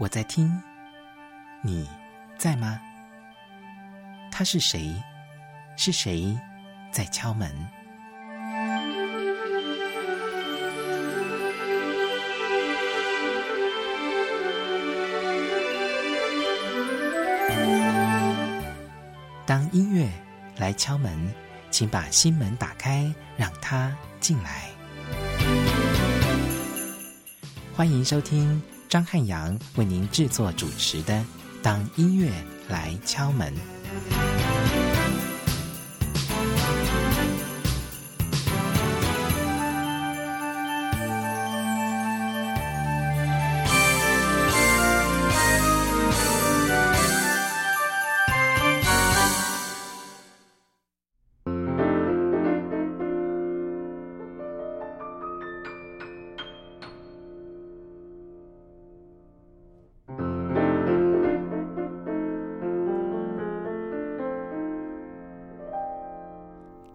我在聽，你在嗎？他是誰？是誰在敲門？當音樂來敲門，請把心門打開，讓他進來。歡迎收聽。張漢陽為您製作主持的《當音樂來敲門》。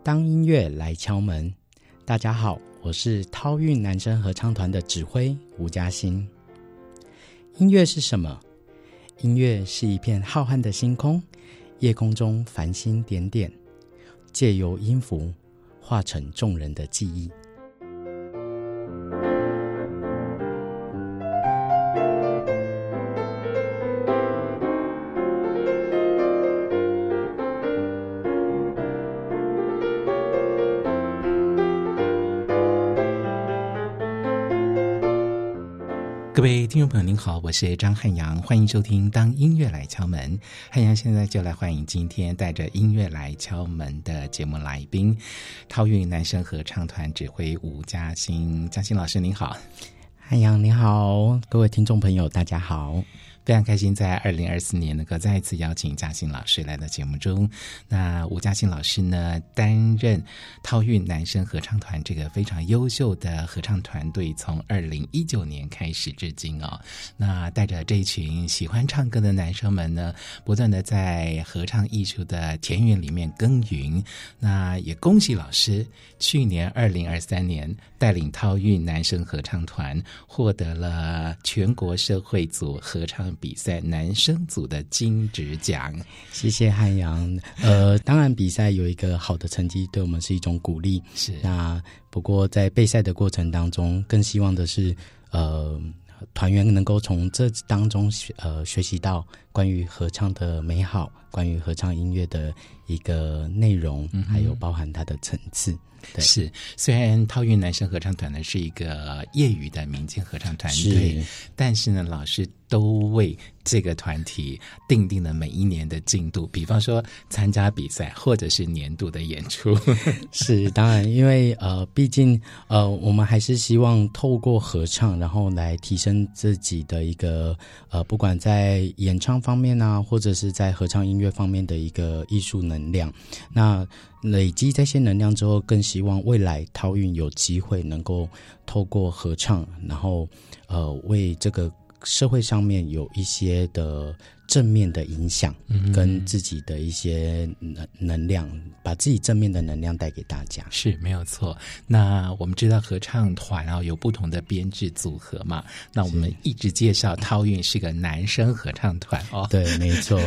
當音樂來敲門，大家好，我是濤韻男聲合唱團的指揮吳家馨。音樂是什麼？音樂是一片浩瀚的星空，夜空中繁星點點，借由音符化成眾人的記憶。各位聽眾朋友，您好，我是張漢陽，歡迎收聽《當音樂來敲門》。漢陽現在就來歡迎今天帶着音樂來敲門的節目來賓——濤韻男聲合唱團指揮吳家馨。家馨老師您好，漢陽您好，各位聽眾朋友大家好。非常開心，在二零二四年能夠再次邀請家馨老師來到節目中。那吳家馨老師呢，擔任濤韻男聲合唱團這個非常優秀的合唱團隊，從二零一九年開始至今哦。那帶着這一群喜歡唱歌的男生們呢，不斷的在合唱藝術的田園裡面耕耘。那也恭喜老師，去年二零二三年帶領濤韻男聲合唱團獲得了全國社會組合唱。比賽男聲組的金質獎。謝謝漢陽。呃，當然比賽有一個好的成績，對我們是一種鼓勵。是，那不過在備賽的過程當中，更希望的是，呃，團員能夠從這當中學呃學習到關於合唱的美好，關於合唱音樂的一個內容，嗯、還有包含它的層次。對是，雖然濤韻男聲合唱團呢是一個業餘的民間合唱團隊對，但是呢，老師都為這個團體訂定了每一年的進度，比方說參加比賽或者是年度的演出。是， 當然，因為呃，畢竟呃，我們還是希望透過合唱，然後來提升自己的一個呃，不管在演唱方面呢、啊，或者是在合唱音樂方面的一個藝術能量。那累積這些能量之後，更希望未來濤韻有機會能夠透過合唱，然後，呃，為這個社會上面有一些的。正面的影響、嗯，跟自己的一些能能量，把自己正面的能量帶給大家，是沒有錯。那我們知道合唱團啊、嗯、有不同的編制組合嘛，那我們一直介紹濤韻是，是個男聲合唱團哦，對，沒錯，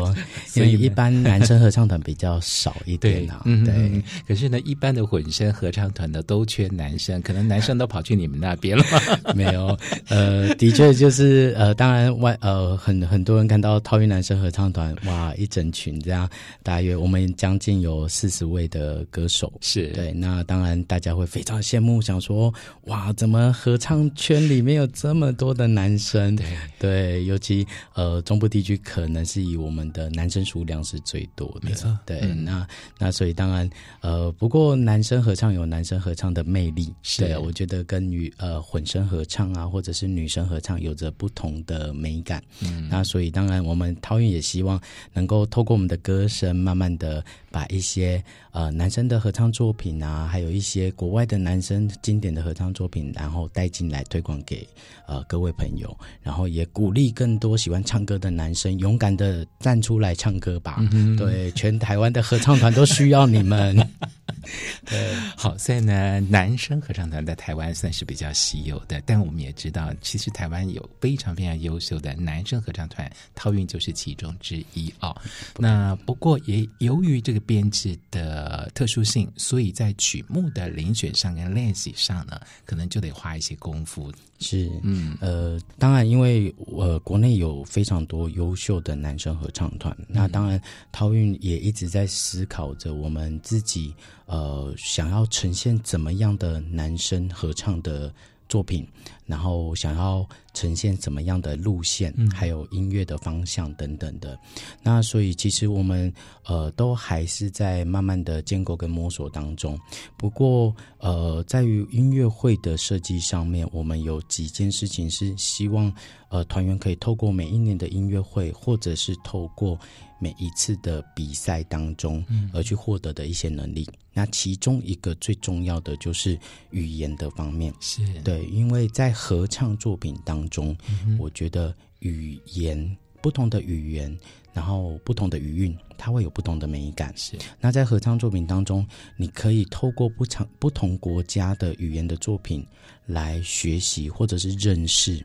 因為一般男聲合唱團比較少一點啊， 對，嗯嗯對。可是呢，一般的混聲合唱團的都缺男生，可能男生都跑去你們那邊了。 沒有，呃，的確就是呃，當然外呃，很很多人看到濤韻。男生合唱團哇，一整群這樣，大約我們將近有四十位的歌手，是對。那當然，大家會非常羨慕，想說哇，怎麼合唱圈裡面有這麼多的男生？對，對，尤其呃，中部地區可能是以我們的男生數量是最多的，沒錯。對，那那所以當然呃，不過男聲合唱有男聲合唱的魅力，是對，我覺得跟女呃混聲合唱啊，或者是女聲合唱有着不同的美感。嗯，那所以當然我們。濤韻也希望能夠透過我們的歌聲，慢慢的，把一些呃男生的合唱作品啊，還有一些國外的男生經典的合唱作品，然後帶進來推廣給呃各位朋友，然後也鼓勵更多喜歡唱歌的男生勇敢的站出來唱歌吧、嗯。對，全台灣的合唱團都需要你們。 好所以呢，男生合唱團在台灣算是比較稀有的，但我們也知道，其實台灣有非常非常優秀的男生合唱團，濤韻就是其中之一啊、哦。那不過也由於這個。編製的特殊性，所以在曲目的遴選上跟練習上呢，可能就得花一些功夫。是，嗯，呃，當然，因為呃，國內有非常多優秀的男聲合唱團，那當然，濤韻也一直在思考着我們自己、嗯、呃，想要呈現怎麼樣的男聲合唱的，作品，然後想要呈現怎麼樣的路線，還有音樂的方向等等的，嗯、那所以其實我們呃都還是在慢慢的建構跟摸索當中。不過呃，在於音樂會的設計上面，我們有幾件事情是希望呃團員可以透過每一年的音樂會，或者是透過。每一次的比賽當中，而去獲得的一些能力。嗯，那其中一個最重要的就是語言的方面，是對，因為在合唱作品當中，嗯，我覺得語言不同的語言，然後不同的語韻，它會有不同的美感。是，那在合唱作品當中，你可以透過不唱不同國家的語言的作品來學習或者是認識。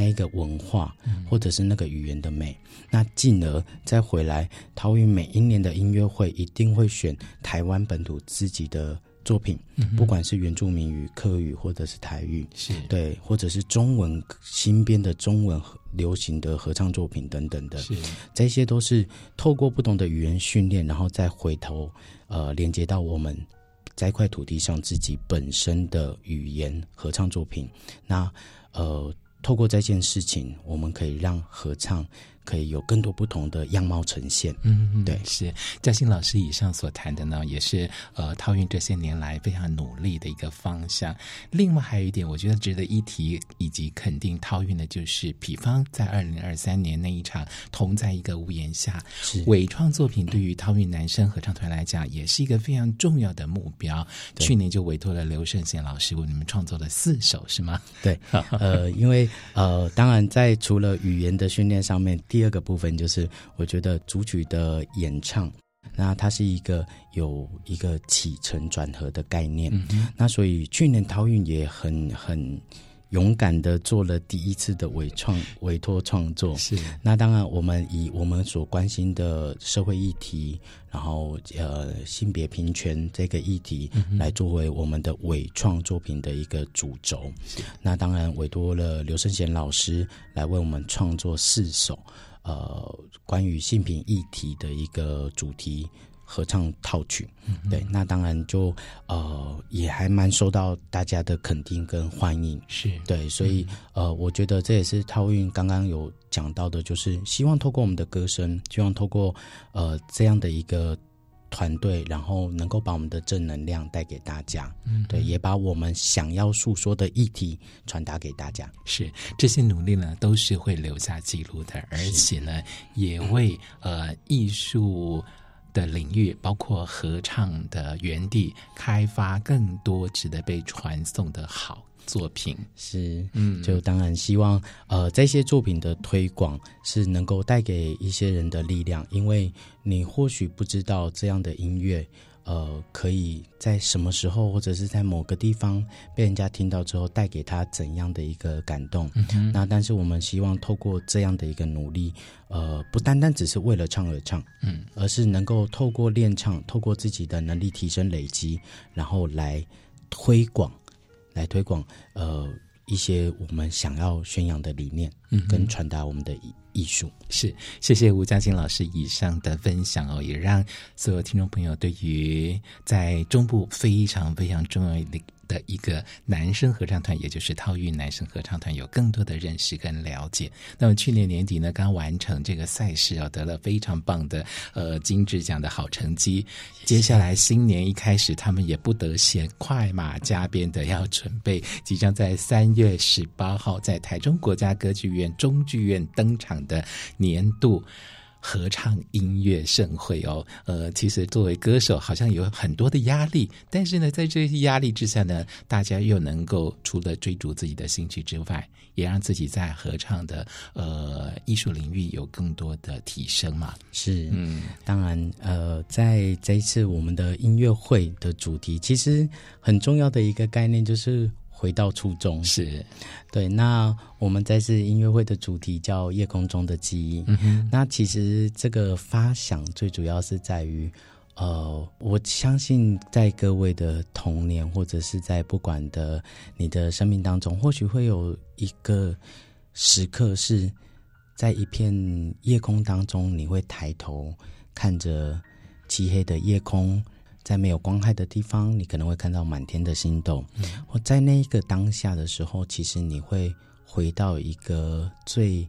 那一個文化，或者是那個語言的美，嗯、那進而再回來，濤韻每一年的音樂會一定會選台灣本土自己的作品，嗯，不管是原住民語、客語，或者是台語，是對，或者是中文新編的中文流行的合唱作品等等的，是這些都是透過不同的語言訓練，然後再回頭呃連接到我們在一塊土地上自己本身的語言合唱作品，那呃。透過這件事情，我們可以讓合唱。可以有更多不同的樣貌呈現。嗯嗯，對，是家馨老師以上所談的呢，也是呃，濤韻這些年來非常努力的一個方向。另外還有一點，我覺得值得一提以及肯定濤韻的，就是比方在二零二三年那一場同在一個屋檐下，原創作品，對於濤韻男聲合唱團來講，也是一個非常重要的目標。去年就委託了劉勝賢老師為你們創作了四首，是嗎？對，呃， 因為呃，當然在除了語言的訓練上面。第二個部分就是，我覺得主曲的演唱，那它是一個有一個起承轉合的概念、嗯。那所以去年濤韻也很很勇敢的做了第一次的委創委托創作。是，那當然我們以我們所關心的社會議題，然後呃性別平權這個議題、嗯、來作為我們的委創作品的一個主軸。那當然委托了劉生賢老師來為我們創作四首。呃，關於性平議題的一個主題合唱套曲、嗯，對，那當然就呃也還蠻受到大家的肯定跟歡迎，是對，所以呃，我覺得這也是濤韻剛剛有講到的，就是希望透過我們的歌聲，希望透過呃這樣的一個。團隊，然後能夠把我們的正能量帶給大家，嗯，對，也把我們想要訴說的議題傳達給大家。是這些努力呢，都是會留下記錄的，而且呢，也為呃藝術的領域，包括合唱的園地，開發更多值得被傳頌的好。作品是，嗯，就當然希望，呃，這些作品的推廣是能夠帶給一些人的力量，因為你或許不知道這樣的音樂，呃，可以在什麼時候或者是在某個地方被人家聽到之後，帶給他怎樣的一個感動。嗯，那但是我們希望透過這樣的一個努力，呃，不單單只是為了唱而唱，嗯，而是能夠透過練唱，透過自己的能力提升累積，然後來推廣。來推廣呃一些我們想要宣揚的理念，嗯，跟傳達我們的藝藝術。是，謝謝吳家馨老師以上的分享哦，也讓所有聽眾朋友對於在中部非常非常重要的的一個男聲合唱團，也就是濤韻男聲合唱團，有更多的認識跟了解。那麼去年年底呢，剛完成這個賽事，啊，哦，得了非常棒的呃金質獎的好成績，謝謝。接下來新年一開始，他們也不得閒，快馬加鞭，的要準備，即將在三月十八號在台中國家歌劇院中劇院登場的年度合唱音樂盛會哦，呃，其實作為歌手，好像有很多的壓力，但是呢，在這些壓力之下呢，大家又能夠除了追逐自己的興趣之外，也讓自己在合唱的呃藝術領域有更多的提升嘛。是，嗯，當然，呃，在這一次我們的音樂會的主題，其實很重要的一個概念就是。回到初中，是，對。那我們這次音樂會的主題叫《夜空中的記憶》。嗯哼，那其實這個發想最主要是在於，呃，我相信在各位的童年，或者是在不管的你的生命當中，或許會有一個時刻是在一片夜空當中，你會抬頭看着漆黑的夜空。在沒有光害的地方，你可能會看到滿天的星斗，嗯。或，在那一個當下的時候，其實你會回到一個最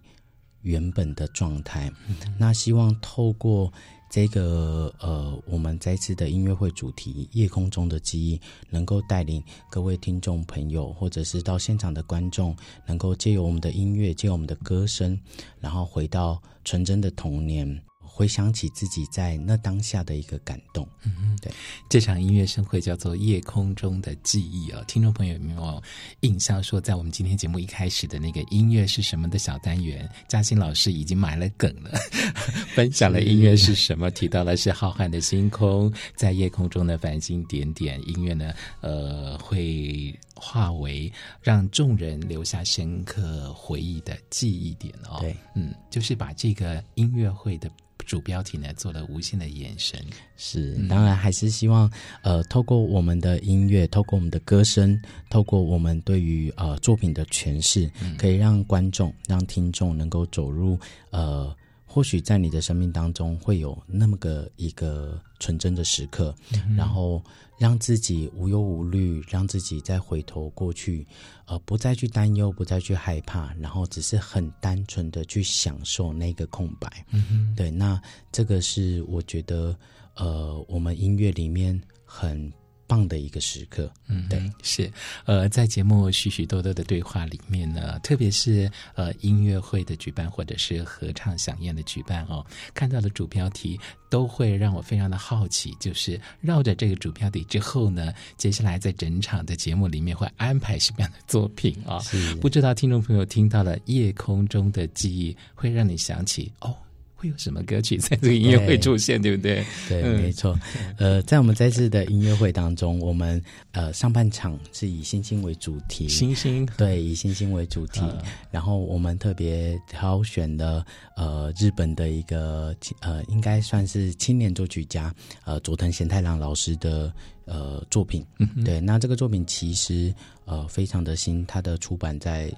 原本的狀態。嗯、那希望透過這個呃，我們這次的音樂會主題《夜空中的記憶》，能夠帶領各位聽眾朋友，或者是到現場的觀眾，能夠借由我們的音樂，借由我們的歌聲，然後回到純真的童年。回想起自己在那當下的一個感動，嗯嗯，對，這場音樂盛會叫做《夜空中的記憶》哦。聽眾朋友有沒有印象？說在我們今天節目一開始的那個音樂是什麼的小單元，家馨老師已經埋了梗了，呵呵分享了音樂是什麼是，提到了是浩瀚的星空，在夜空中的繁星點點，音樂呢，呃，會化為讓眾人留下深刻回憶的記憶點哦。對，嗯，就是把這個音樂會的。主標題呢做了無限的延伸，是當然還是希望，嗯，呃，透過我們的音樂，透過我們的歌聲，透過我們對於呃作品的詮釋，嗯，可以讓觀眾、讓聽眾能夠走入呃。或許在你的生命當中會有那麼個一個純真的時刻，嗯，然後讓自己無憂無慮，讓自己再回頭過去，呃，不再去擔憂，不再去害怕，然後只是很單純的去享受那個空白。嗯，對，那這個是我覺得，呃，我們音樂裡面很。棒的一個時刻，嗯，對，是，呃，在節目許許多多的對話裡面呢，特別是呃音樂會的舉辦或者是合唱饗宴的舉辦哦，看到的主標題都會讓我非常的好奇，就是繞着這個主標題之後呢，接下來在整場的節目裡面會安排什麼樣的作品啊、哦？不知道聽眾朋友聽到了《夜空中的記憶》會讓你想起哦。會有什麼歌曲在這個音樂會出現，對，對不對？對，嗯，沒錯。呃，在我們這次的音樂會當中， 我們呃上半場是以星星為主題，星星對，以星星為主題。呃、然後我們特別挑選的呃日本的一個呃應該算是青年作曲家呃佐藤賢太郎老師的呃作品，嗯，對，那這個作品其實呃非常的新，它的出版在。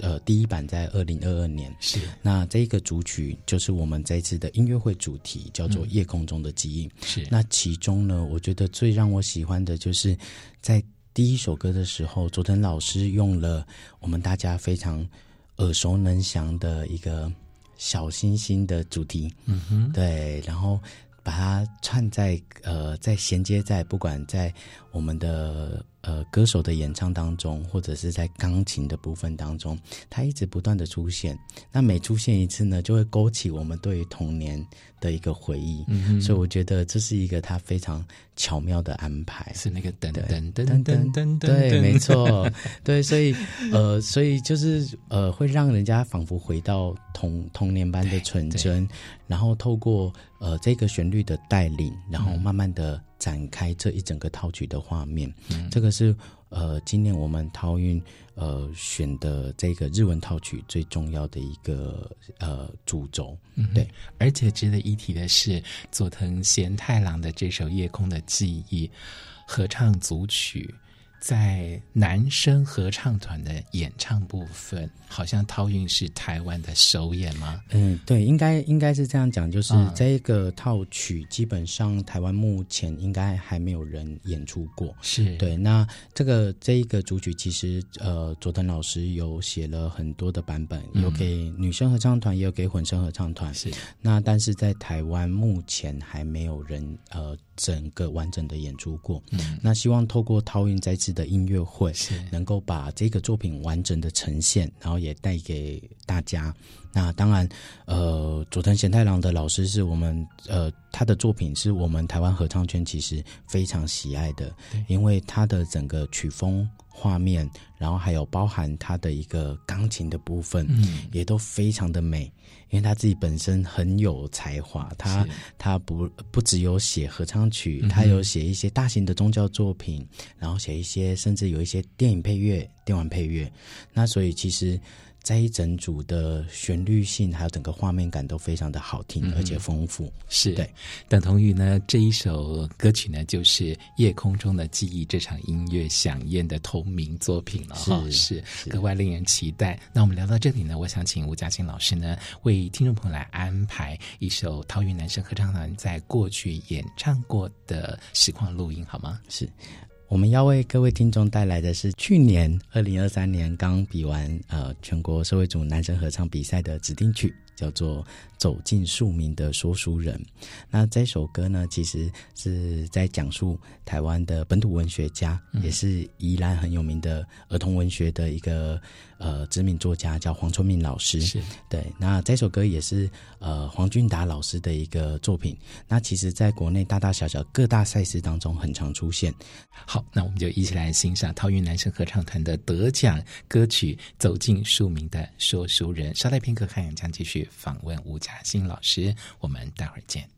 呃，第一版在二零二二年，是那這一個主曲就是我們這次的音樂會主題叫做《夜空中的記憶》。嗯、是那其中呢，我覺得最讓我喜歡的就是在第一首歌的時候，佐藤老師用了我們大家非常耳熟能詳的一個小星星的主題，嗯哼，對，然後把它串在呃，在銜接在不管在我們的。呃，歌手的演唱當中，或者是在鋼琴的部分當中，它一直不斷的出現。那每出現一次呢，就會勾起我們對於童年的一個回憶。嗯。所以我覺得這是一個他非常巧妙的安排。是那個噔噔噔噔噔噔。對，沒錯， 對，所以呃，所以就是呃，會讓人家仿佛回到童童年般的純真，然後透過呃這個旋律的帶領，然後慢慢的、嗯。展開這一整個套曲的畫面，嗯、這個是呃今年我們濤韻呃選的這個日文套曲最重要的一個呃主軸。對、嗯，而且值得一提的是佐藤賢太郎的這首《夜空的記憶》合唱組曲。在男聲合唱團的演唱部分，好像濤韻是台灣的首演嗎？嗯，對，應該應該是這樣講，就是這一個套曲，基本上台灣目前應該還沒有人演出過。嗯、是對，那這個這一個主曲，其實呃，佐藤老師有寫了很多的版本，有給女聲合唱團，也有給混聲合唱團。是，那但是在台灣目前還沒有人呃。整個完整的演出過，嗯、那希望透過濤韻再次的音樂會，能夠把這個作品完整的呈現，然後也帶給大家。那當然，呃，佐藤賢太郎的老師是我們，呃，他的作品是我們台灣合唱圈其實非常喜愛的，因為他的整個曲風。畫面，然後還有包含他的一個鋼琴的部分，嗯，也都非常的美，因為他自己本身很有才華，他他不不只有寫合唱曲，他有寫一些大型的宗教作品，嗯，然後寫一些甚至有一些電影配樂、電玩配樂，那所以其實。這一整組的旋律性，還有整個畫面感都非常的好聽，嗯、而且豐富。是對，等同於呢這一首歌曲呢，就是《夜空中的記憶》這場音樂饗宴的同名作品了，哦。是是，是，格外令人期待。那我們聊到這裡呢，我想請吳家馨老師呢，為聽眾朋友來安排一首濤韻男聲合唱團在過去演唱過的實況錄音，好嗎？是。我們要為各位聽眾帶來的是去年二零二三年剛比完呃全國社會組男聲合唱比賽的指定曲，叫做《走進庶民的說書人》。那這首歌呢，其實是在講述台灣的本土文學家，嗯、也是宜蘭很有名的兒童文學的一個。呃，知名作家叫黃春明老師，是對。那這首歌也是呃黃俊達老師的一個作品。那其實，在國內大大小小各大賽事當中很常出現。好，那我們就一起來欣賞濤韻男聲合唱團的得獎歌曲《走進庶民的說書人》。稍待片刻，還將繼續訪問吳家馨老師。我們待會兒見。